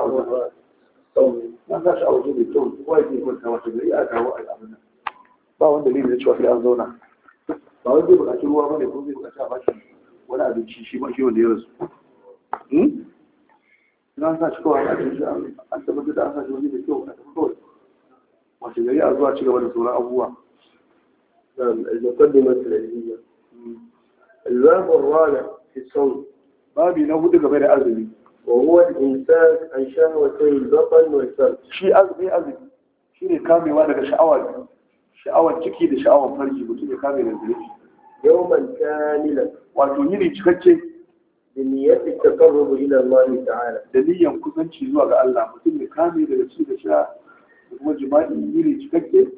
S1: ba a waje mai kyau a ba wanda da cewa sai an zauna ba wai zai buƙaci ruwa bane ko zai buƙaci a bashi wani abinci shi ba shi wanda ya rasu na sa shi kawai a cikin an tabbatar da an sa shi waje kyau a tafi kawai wace gari a zuwa ci gaba da sauran abubuwa da mukaddimar tarihiya zabun rana da sauri Babu na hudu game da azumi wa huwa al-insan an shahwatayn batn wa sal shi azumi azumi shine kamewa daga sha'awa ciki da sha'awar farji mutum ya kame da zuci yawman kamilan wato yini cikakke da niyyati taqarrubu ila Allah ta'ala da niyyan kusanci zuwa ga Allah mutum ya kame daga da kuma jima'i cikakke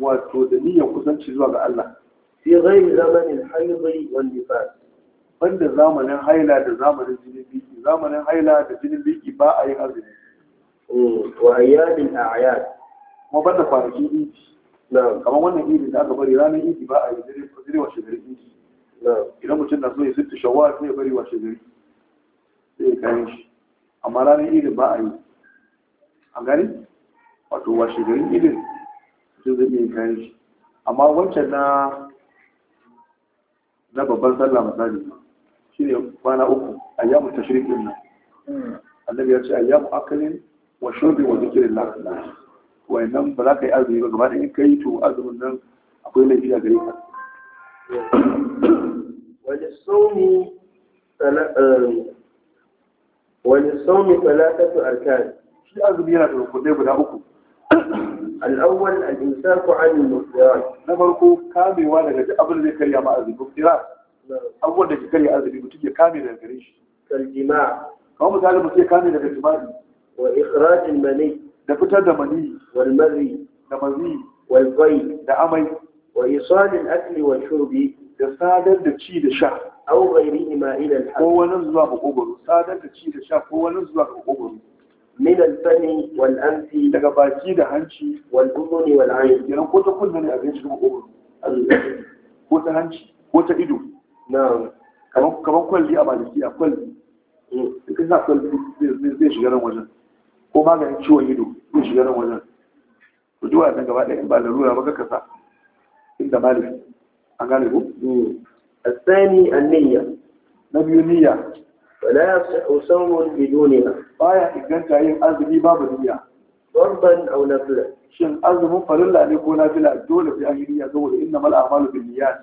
S1: wato kusanci zuwa ga Allah fi ghairi zamanin haidai wal nifas banda zamanin haila da zamanin jinin biki zamanin haila da jinin biki ba a yin azumi wa ayyadin a'yad kuma da kwanakin idi kamar wannan idi da aka bari ranar idi ba a yi zire wa shagarin idi idan mutum na so ya sitta shawar sai ya bari wa shagari sai ya kayan shi amma ranar idin ba a yi a gani wato wa shagarin idin mutum zai iya kayan shi amma wancan na na babban sallah misali shi ne kwana uku ta tashriqin nan annabi ya ce ayyamu akalin wa shobi wa zikirin lafiya wa nan ba za ka yi azumi ba gaba da in kai to azumin nan akwai laifi a gare ka wani sauni um, wani sauni arkan shi azumi yana da rukunai guda uku الأول الإمساك عن المفترات نمركو كامي وانا لك أبن ذكر يا مأذي مفترات أول لك كري أذي متجي كامي لك ريش كالجماع هم تعالى متجي كامي لك الجماع وإخراج المني نفتر دمني والمذي دمذي والقي دعمي وإيصال الأكل والشرب دسادر دشي دشا أو غيرهما إلى الحد هو نزل بقبر سادر دشي دشا هو نزل بقبر min al-fani wal anfi daga baki da hanci wal udhuni wal ayn kenan ko ta kunna ne abin cikin ubun ko ta hanci ko ta ido na kamar kamar kwalli a maliki a kwalli mm. in ka sa kwalli zai shiga nan wajen ko maganin ciwon ido zai shiga nan wajen to duwa nan gaba ɗaya in ba larura ba ka sa inda maliki an gane ku الثاني النية نبي نية ولا يصح صوم بدونها باية الجنكة هي الأرض دي باب الهياء ضربا أو نفلا شن الأرض مفر الله أن يكون نفلا الدولة في أهلية دولة إنما الأعمال بالنيات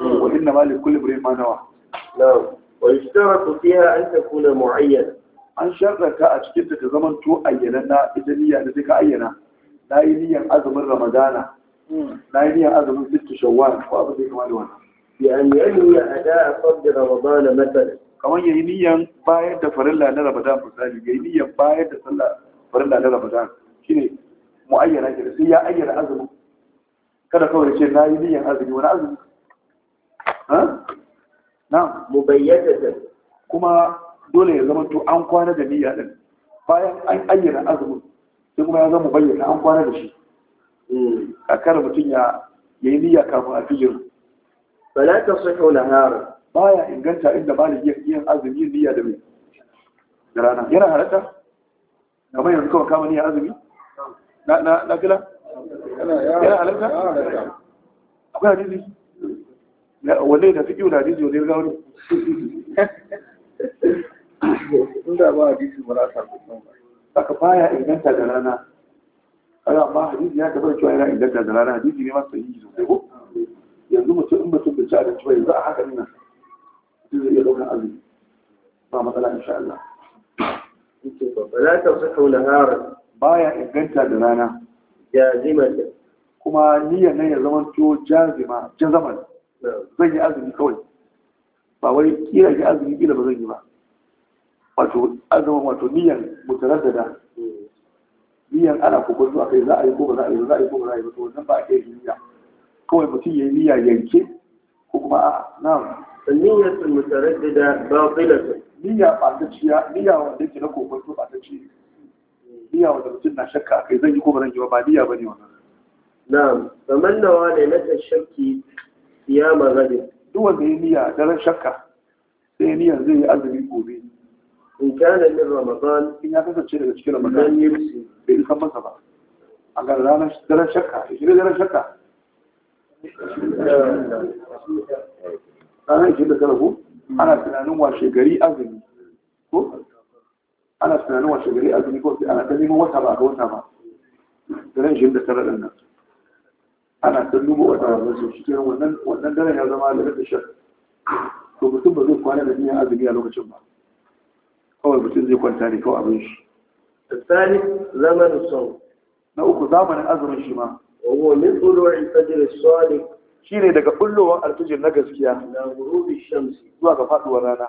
S2: وإنما
S1: لكل بريم ما نوى. نعم ويشترط فيها أن تكون معينة أن شرك أشكتك زمن تو أينا إذنية لذلك أينا دائنية أزم الرمضان دائنية أزم الست شوال وأبدا كمان وانا بأن ينوي أداء صد رمضان مثلا kamar yayi niyan bayar da farilla na Ramadan misali yayi niyan bayar da sallah farilla na Ramadan shine muayyana ke sai ya ayyana azumi kada kawai ce na yi niyan azumi wani azumi ha na ta. kuma dole ya zama to an kwana da niyya din bayan an ayyana azumin sai kuma ya zama bayyana an kwana da shi hmm. a kar mutum ya yi niyya kafin a fijir. Bala ta sahi nahara baya inganta inda maliki yin azumi yin niyya da mai da rana yana halatta mai yanzu kawai kama niyyar azumi na na na halarta? yana halatta akwai hadisi wanne da fiƙi da hadisi wanne ga wani inda ba hadisi ba za a samu haka baya inganta da rana kaga amma hadisi ya tabbata cewa yana inganta da rana hadisi ne masu yi sosai ko yanzu mutum in mutum bai ci abinci ba yanzu a haka nan zai iya ɗaukar azumi insha Allah فلا تصح inganta da rana kuma niyyar nan ya zama to jazima jazaman zan yi azumi kawai ba wai kira yi azumi kila ba zan yi ba wato azumin wato niyyar mutaraddada niyyar ana kokon zuwa kai za a yi ko ba za a yi ba za a yi ko ba za a yi ba to wannan ba a iya niyya kawai mutum ya yi niyya yanke ko kuma a na'am النية المترددة باطلة نية ɓatacciya niyya wanda yake na kokonto ɓatacci niyya mutum na shakka akai zan yi ko ba zan yi ba ba niyya na'am faman nawa na ta shakki ya magana duk wanda ya niyya shakka sai niyya zai yi azumi gobe in kana min ramadan in ya kasance daga cikin ramadan ne bai masa ba a ranar shakka shakka ranar ke da tara ko ana tunanin washe gari azumi ko ana tunanin washe gari azumi ko sai ana ta wata ba ga wata ba ranar shi da tara ɗin nan ana ta wata ba sai shi ke wannan wannan daren ya zama da rasa shan to mutum ba zai kwana da niyan azumi a lokacin ba kawai mutum zai kwanta ne kawai abin shi Na uku zamanin azumin shi ma wa huwa min من fajr as الصادق shi ne daga ɓullowar alfijir na gaskiya zuwa ga faɗuwar rana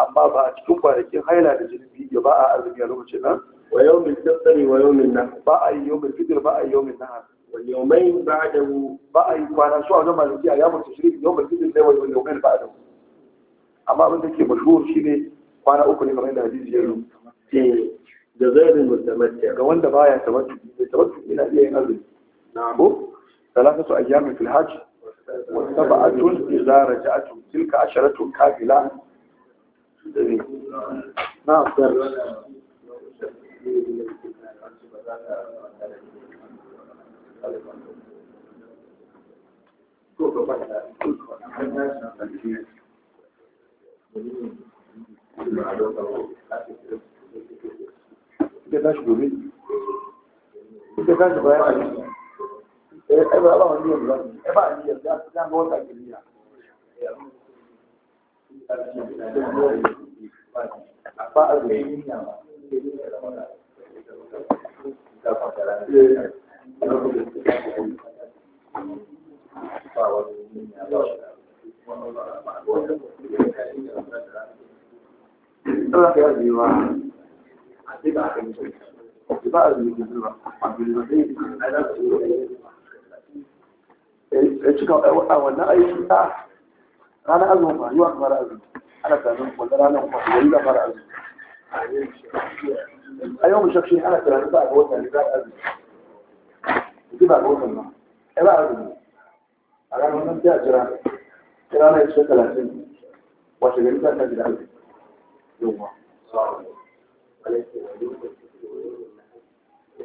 S1: amma ba a cikin kwanakin haila da jinin biyu ba a arziki a lokacin nan wa yawmin tattari wa yawmin nan ba a yi yawmin fitir ba a yi yawmin nahar wal yawmain ba'dahu ba a yi kwana su a zama zaki a yawmin tashrik yawmin fitir ne ba yawmain ba'dahu amma abin da ke mashhur ne kwana uku ne kamar da hadisi ya rubuta eh, da zairin mutamatti ga wanda baya tabattu tabattu ina iya yin azumi نعم ثلاثة أيام في الحج وسبعة إذا رجعت تلك عشرة كاملة نعم Você está ẹ̀rọ ọlọ́run ní ìlú ẹ bá ní ẹ̀dá tó dáná wọ́n tàbí ní àpá rẹ̀ ní àwọn Ìbáàrí ìgbìmọ̀ àgbèrè lọ́dẹ́ ìgbìmọ̀ aláàbò ya cika a wannan aiki a ranar azumin ba yiwa kamar azumi ana tsanin wanda ranar kuma da yi azumi a yau mushakshi ana tsanin ba ga watan ne za a azumi ji ba ga watan ba ya ba azumi a ranar nan sai jira jira na talatin wace gari ta ta gida azumi yawwa alaikum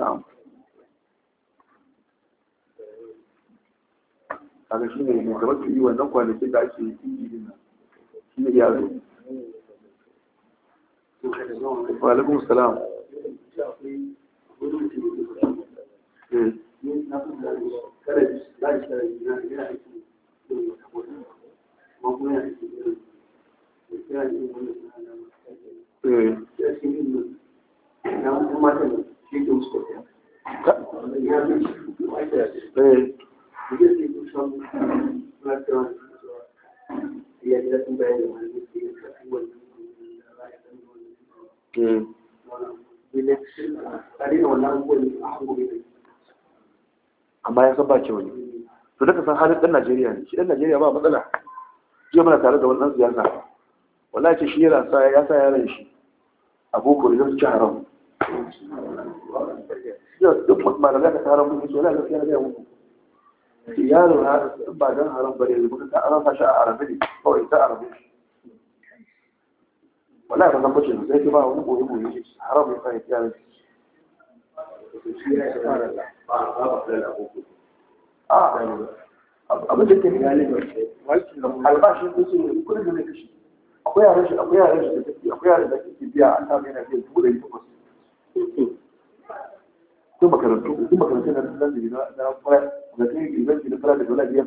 S1: na'am kaga shi ne mai gaba yi wannan kwanakin da ake yi shi ne yaro salam Eh. eh. amma ya san ba kyau ne to daga san halin dan Najeriya ne shi dan Najeriya ba matsala jiya mana tare da wannan siyasa wallahi ce shi yana sa ya sa yaran shi aboko da zai ci haram yau duk malamai ka taron mun yace la gaskiya da ba ta a kawai ta sai ba haram ya a da albashin da na akwai yaran shi da akwai biya a samu yana biyan dubu ko makarantu ko makarantu na nan da na da kai idan ki fara da dole ya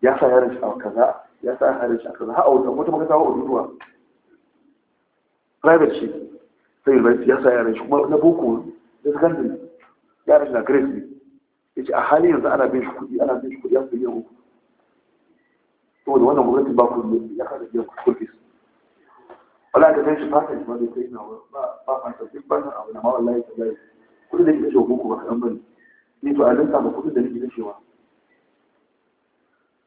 S1: ya sa yaran shi a kaza ya sa yaran shi a kaza har a wata makaranta wa Oduduwa private shi sai university ya sa yaran shi kuma na boko da secondary yaran shi na grade yace a hali yanzu ana bin shi ana bin shi ya an to wannan gwamnati ba ya kada biyan kuɗi wala ka gan shi fata shi ma zai kai na ba ba fata duk ba nan abu na ma wallahi tallahi kudi da kike ko ba kadan bane ni to a danta ba kudi da nake kashewa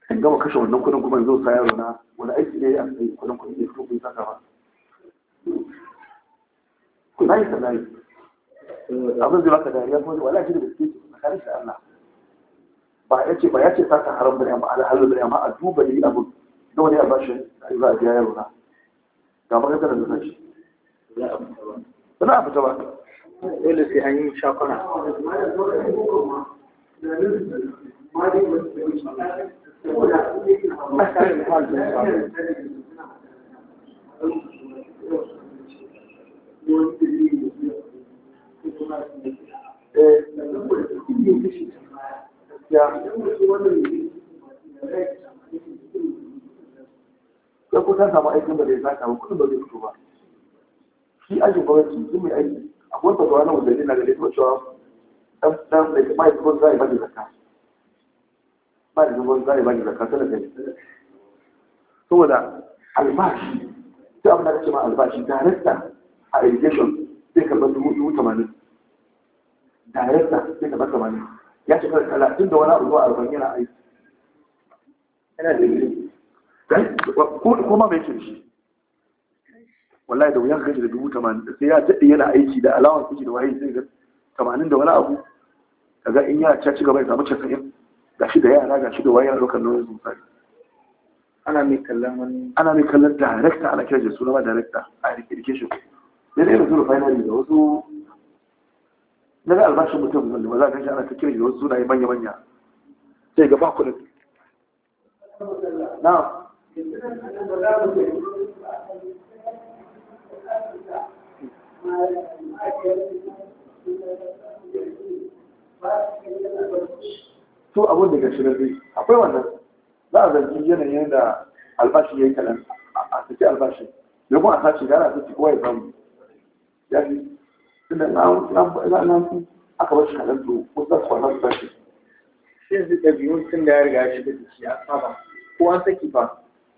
S1: in gama kashe wannan kudin kuma sa yaro na wani aiki ne a kai kudin kudin ne kuma saka ba ku zai sallai abin zai baka dariya kuma wala shi da gaske ce na kare shi Allah ba ya ce ba ya ce saka haram bane amma alhalal bane amma a duba ne abu nawa ne a bashi za a biya yaro na لا بغيت انا نمشي لا لا ابو طبعا ايه اللي في Yeah. sai ko ta samu aikin ba zai saka ba kudin ba zai fito ba shi aikin gwamnati shi mai aiki akwai wata zuwa na wanda na gare ta cewa dan dan da ba ya zuwa zai ba da zaka, ba da zuwa zai ba da zakka sai da saboda albashi sai abin da ake ma albashi darakta a education sai karɓar dubu dubu tamanin darakta sai karɓar tamanin ya shekara talatin da wani abu zuwa arba'in yana aiki yana da ilimi kuma mai kirshi wallahi da wuyan gaji da dubu tamanin sai ya daɗe yana aiki da alawar kuji da waye zai ga tamanin da wani abu kaga in yana ta gaba ya samu casa'in ga shi da yara ga shi da waye yana ɗaukar nauyin zuwa ana mai kallon wani ana mai kallon director ana kiran jesu nama director a education
S2: yana irin zuwa finally
S1: da wasu na ga albashin mutum wanda ba za ka shi ana ta da wasu sunaye manya-manya sai ga ba kuɗin na to abun da gashi dai akwai wannan za a zargi yanayin da albashi ya yi kalan a saki albashi da kuma a sace gara ta kowa ya samu ya fi tunda na aka bar shi kalan to ko za su kwana su sace shi zai ɗabi'un tun da ya riga shi, shiga da shi ya saba ko an saki ba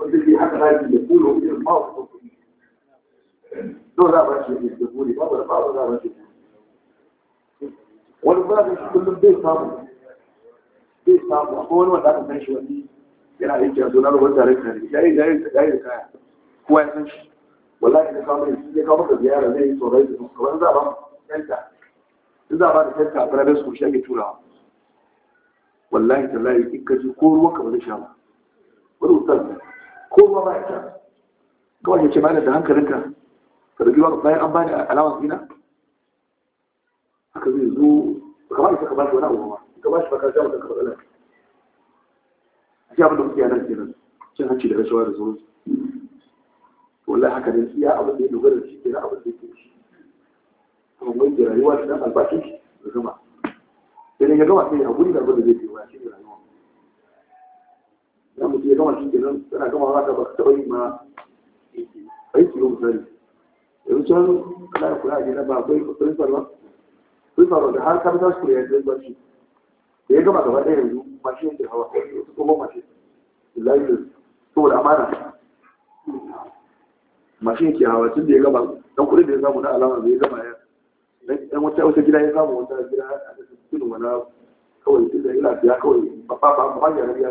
S1: ولكن حدث هذه الدخول هو من الماضي والتنين لو لا رجل في الدخول بابا بابا لا رجل والباب يقول من بيت صابر بيت صابر أقول ولا تنش ودي يلا إيجا دولا لو بدا ركنا لي لا إيجا إيجا إيجا إيجا هو يتنش والله إذا كان إيجا كان بدا زيارة لا إيجا صورة إيجا صورة إيجا صورة إيجا إذا بعد تلك أبرا بس كل شيء تورا والله تلاقي إكتي كور وكبر إن شاء الله ولو تلقي ko ruwa ba ita kawai ya ce malam da hankalinka ka da giwa bayan an bani alawan dina Aka zai zo kamar ka ba shi wani abu ba ka ba shi baka jawo da ka matsala a shi abin da muke yanar kenan cin hanci da rashawa da zuwa wallahi haka ne iya abin da ya dogara da shi kenan abin da ya ke shi amma mai da rayuwa shi dan albashin shi da gama idan ya gama sai ya haƙuri da abin da zai ke wa shi ne rayuwa na mutu ya gama shi kenan tana gama za ka ba taɓa yi ma aiki ba misali yanzu can da kula a gida ba akwai principal ba principal wanda har capital school ya yi ba da ya gama gaba ɗaya yanzu mashin yake hawa wasu kuma mashin lafiya saboda amana mashin yake hawa tun da ya gama dan kuɗin da ya samu na alama da gama ya dan wata wata gida ya samu wata gida a cikin wani kawai tun da ya lafiya kawai ba ba ba ba ya rabi ya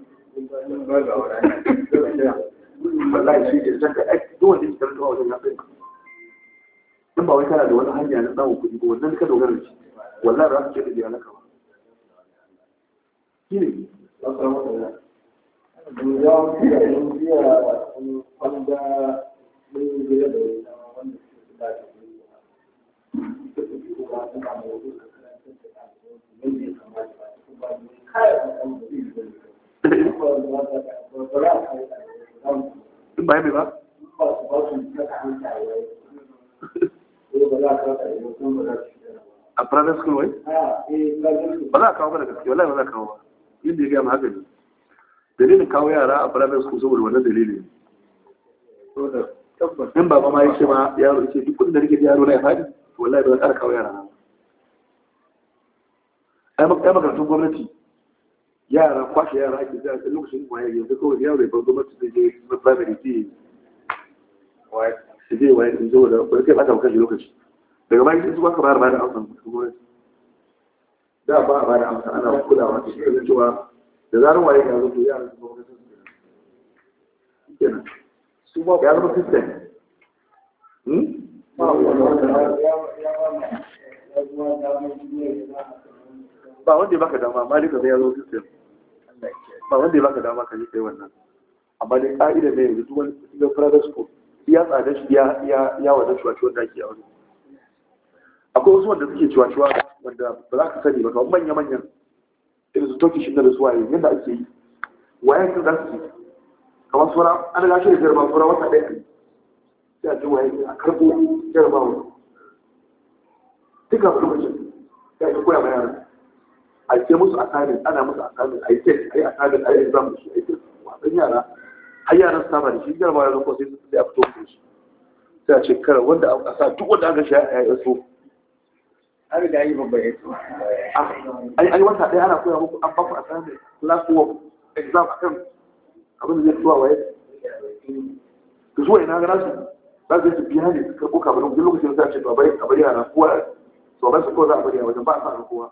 S1: wallahi shi ne zaka aiki duk wanda ka rubuta wajen nan in ba ba kana da wani hanya na samun kuɗi ba wannan ka dogara da shi wallahi ba za su ce da jiya ka ba shi ne Thank in ba yi ba a private school wai ba za a kawo ba da gaske wallahi ba za a kawo ba inda ya gaya ma haka dalilin kawo yara a private school saboda wannan dalilin in baba ma yake ma yaro yake duk kudin da nake yaro na ya faɗi wallahi ba za a kawo yara na ai makarantar gwamnati yara kwashe yara ake da a lokacin waye yanzu kawai yaro ya bar gwamnati da je primary ce waye su je waye in zo da wani kai bata kashi lokaci daga bayan sun zuwa ka bayar bayar amsa gwamnati da ba a bayar amsa ana kulawa da shi kan cewa da zarar waye yara su su kenan su ba ya zama system ba wanda ya baka dama malika zai ya zo ba wanda ya baka dama ka je kai wannan amma dai ka'ida ne yanzu duk wani ga private school ya tsada shi ya ya ya wada ciwaciwar da ake a wani akwai wasu wanda suke ciwaciwa wanda ba za ka sani ba kawai manya manyan irin su toki shi da su waye yadda ake yi waye kan za su yi kamar sura an riga shi da jarba sura wata ɗaya ne sai a ji waye a karɓo jarba wani duka lokacin ya yi koya bayanin ake musu a ana musu a kamin a yi tek a yi a kamin a yi exam da a yi tek wasan yara har yara su saba da shi jarabawa ya zo sai sai a fito da shi sai a ce kara wanda a kasa duk wanda aka shi a yi so har da yi babban yato an ah, yi wata ɗaya ana koya muku an baku a kamin work exam a kan abin da zai zuwa waye da zuwa ina ga su za su yi su biya ne su karɓo kamar lokacin da za a ce to a bari yara kowa to a su kowa za a bari a wajen ba a sa kowa